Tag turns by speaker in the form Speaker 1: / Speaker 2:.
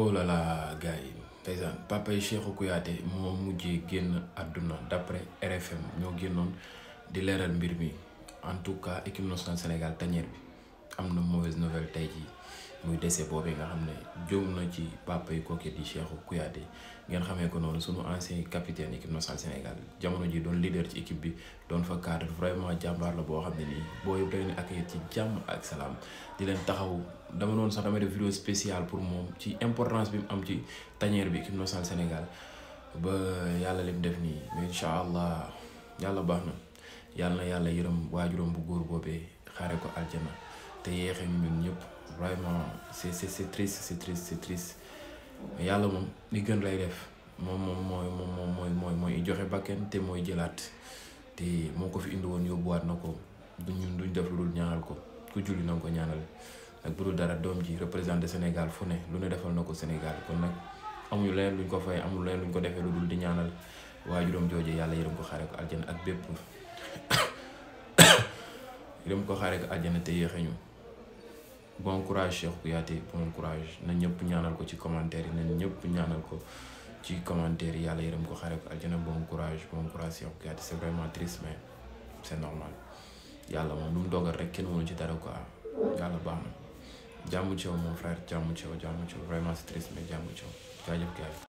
Speaker 1: oh là là gars yi ndeysaan papa yi moo mujjee génn àdduna d'après RFM ñoo génnoon di leeral mbir mi en tout cas équipe nationale Sénégal tañeer bi am na mauvaise nouvelle tey jii. muy décès boobu nga xam ne jóom na ci papa yi kooku di Cheikhou Kouyaté ngeen xamee ko noonu sunu ancien capitaine équipe nationale Sénégal jamono ji doon leader ci équipe bi doon fa cadre vraiment jàmbaar boo xam ne nii booy yëpp da leen ci jàmm ak salaam di leen taxaw dama doon sax dama def spéciale pour moom ci importance bi mu am ci tanière bi équipe nationale Sénégal ba yàlla lim def nii mais incha allah yàlla baax na yàlla na yàlla yërëm waajuram bu góor boobee xaare ko aljana te yeexee ñun ñëpp vraiment c'est c'est c'est triste c'est triste c'est triste yàlla moom li gën lay def moom moom mooy moom moom mooy mooy mooy joxe bakken te mooy jëlaat te moo ko fi indi woon yóbbuwaat na ko du ñun duñ def lu dul ñaanal ko ku julli na ko ñaanal ak bu dul dara doom ji représenté Sénégal fu ne lu ne defal na ko Sénégal kon nag amuñu leneen luñ ko fay amul leneen luñ ko defee lu dul di ñaanal waajuram jooje yàlla yërëm ko xaaree ko aljana ak bépp yërëm ko xaaree ko aljana te yéexeñu bon courage Cheikh Kouyaté bon courage na ñëpp ñaanal ko ci commentaire yi na ñëpp ñaanal ko ci commentaire yi yàlla yërëm ko xare ko aljana bon courage bon courage Cheikh Kouyaté c'est vraiment triste mais c'est normal yàlla moom lu mu dogal rek kenn mënu ci dara ko quoi yàlla baax na jàmm ci yow mon frère jàmm ci yow jàmm ci yow vraiment c'est triste mais jàmm